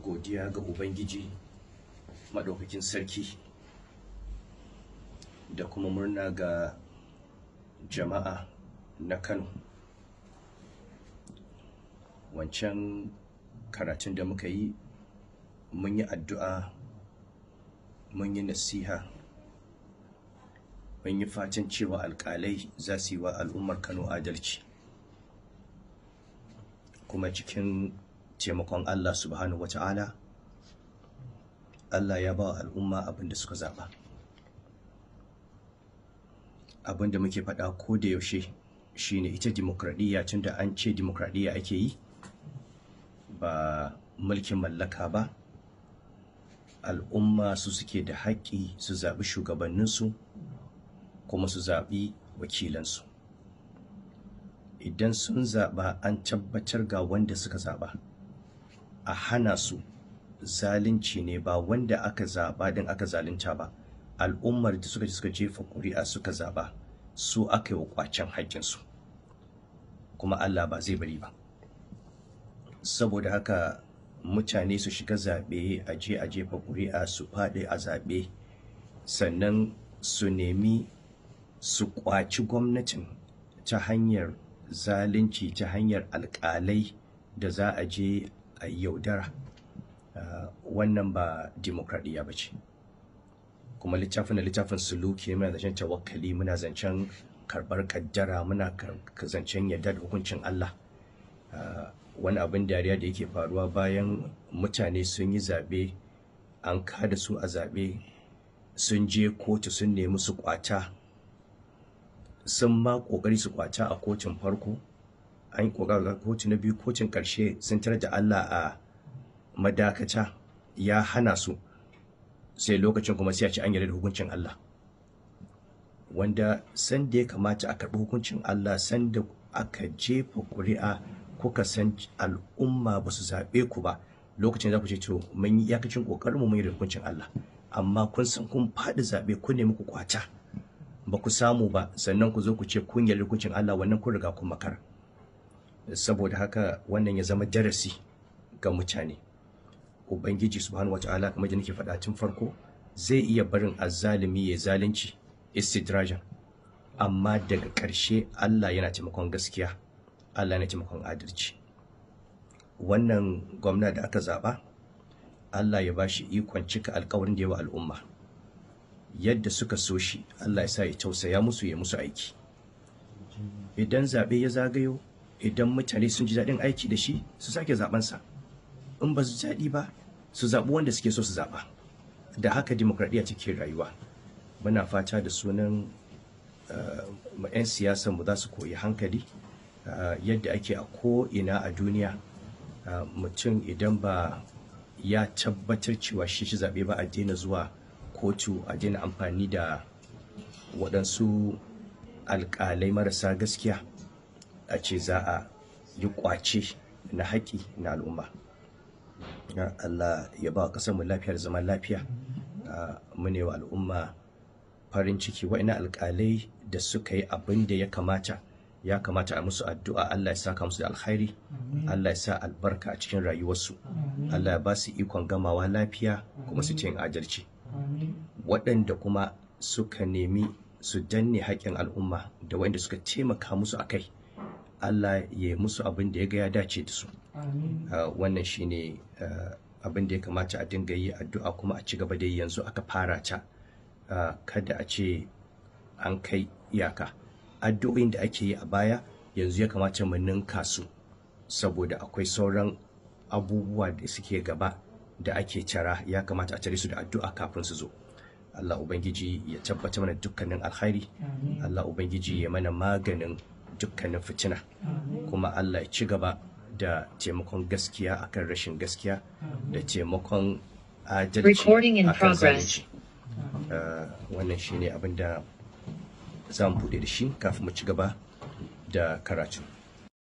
godiya ga ubangiji maɗaukakin sarki da kuma murna ga jama'a na kano wancan karatun da muka yi mun yi addu'a mun yi nasiha mun yi fatan cewa alƙalai za su yi wa al'ummar kano adalci kuma cikin taimakon Allah subhanahu wata'ala Allah ya ba al'umma abin suka zaba Abinda muke faɗa ko da yaushe shi ne ita demokradiyya tunda an ce demokradiyya ake yi ba mulkin mallaka ba al'umma su suke da haƙƙi su zaɓi shugabanninsu kuma su zaɓi wakilansu idan sun zaɓa an tabbatar ga wanda suka zaɓa a hana su zalunci ne ba wanda aka zaɓa din aka zalunta ba al'ummar da suka suka jefa ƙuri'a suka zaɓa su aka yi wa ƙwacen haƙƙinsu kuma Allah ba zai bari ba saboda haka mutane su shiga zaɓe a je a jefa ƙuri'a su faɗi a zaɓe sannan su nemi su ƙwaci gwamnatin ta hanyar zalunci ta hanyar alƙalai da za a je a yaudara ah, wannan ba demokradiyya ba ce kuma littafin da littafin suluki muna zancen tawakkali muna zancen karbar kaddara muna zancen yarda da hukuncin Allah ah, wani abin dariya da yake faruwa bayan mutane sun yi zaɓe an kada su a zaɓe sun je kotu sun nemi su kwata sun ma ƙoƙari su kwata a kotun farko an yi kokarin na biyu kocin ƙarshe sun tarar da Allah a madakaca ya hana su sai lokacin kuma sai a ci an yare da hukuncin Allah wanda san da ya kamata a karɓi hukuncin Allah san da aka jefa ƙuri'a kuka san al'umma ba su zaɓe ku ba lokacin za ku ce to mun yi yakacin ƙoƙarinmu mun yi da hukuncin Allah amma kun san kun faɗi zaɓe kun nemi ku kwata ba ku samu ba sannan ku zo ku ce kun da hukuncin Allah wannan kun riga kun makara saboda haka wannan ya zama darasi ga mutane ubangiji subhanahu wataala kamar da nake faɗa tun farko zai iya barin azzalimi ya zalunci istidraja amma daga ƙarshe Allah yana taimakon gaskiya Allah yana taimakon adalci wannan gwamna da aka zaɓa? Allah ya bashi ikon cika alkawarin da yawa al'umma yadda suka so shi Allah ya sa ya tausaya musu ya musu aiki idan zaɓe ya zagayo idan mutane sun ji daɗin aiki da shi su sake zaɓensa in ba su daɗi ba su zaɓi wanda suke so su zaɓa da haka ta take rayuwa muna fata da sunan 'yan eh, siyasar mu za su koyi hankali eh, yadda ake a ko'ina a duniya eh, mutum idan ba ya tabbatar cewa shi shi zaɓe ba a daina zuwa kotu a daina amfani da waɗansu alƙalai marasa gaskiya a ce za a yi ƙwace na haƙƙi na al'umma Allah ya ba ƙasar mu lafiyar zaman lafiya mu ne wa al'umma farin ciki wa'ina alƙalai da suka yi abin da ya kamata ya kamata a musu addu'a Allah ya saka musu da alkhairi Allah ya sa albarka a cikin rayuwarsu Allah ya ba su ikon gamawa lafiya kuma su yin adalci waɗanda kuma suka nemi su danne haƙƙin al'umma da waɗanda suka taimaka musu a kai Allah ya yi musu abin da ya ga ya dace da su ah, wannan shi ne ah, abin da ya kamata a dinga yi addu'a kuma a ci gaba da yanzu aka fara ta ah, kada a ce an kai iyaka addu'o'in da ake yi a baya yanzu ya kamata mu ninka su saboda akwai sauran abubuwa da suke gaba da ake cara ya kamata a tare su da addu'a kafin su zo Allah Ubangiji ya tabbata mana dukkanin alkhairi Allah Ubangiji ya mana maganin dukkanin fitina kuma Allah ya ci gaba da taimakon gaskiya akan rashin gaskiya da taimakon adalci akan zalunci uh, wannan shine abin da za mu bude da shi kafin mu ci gaba da karatu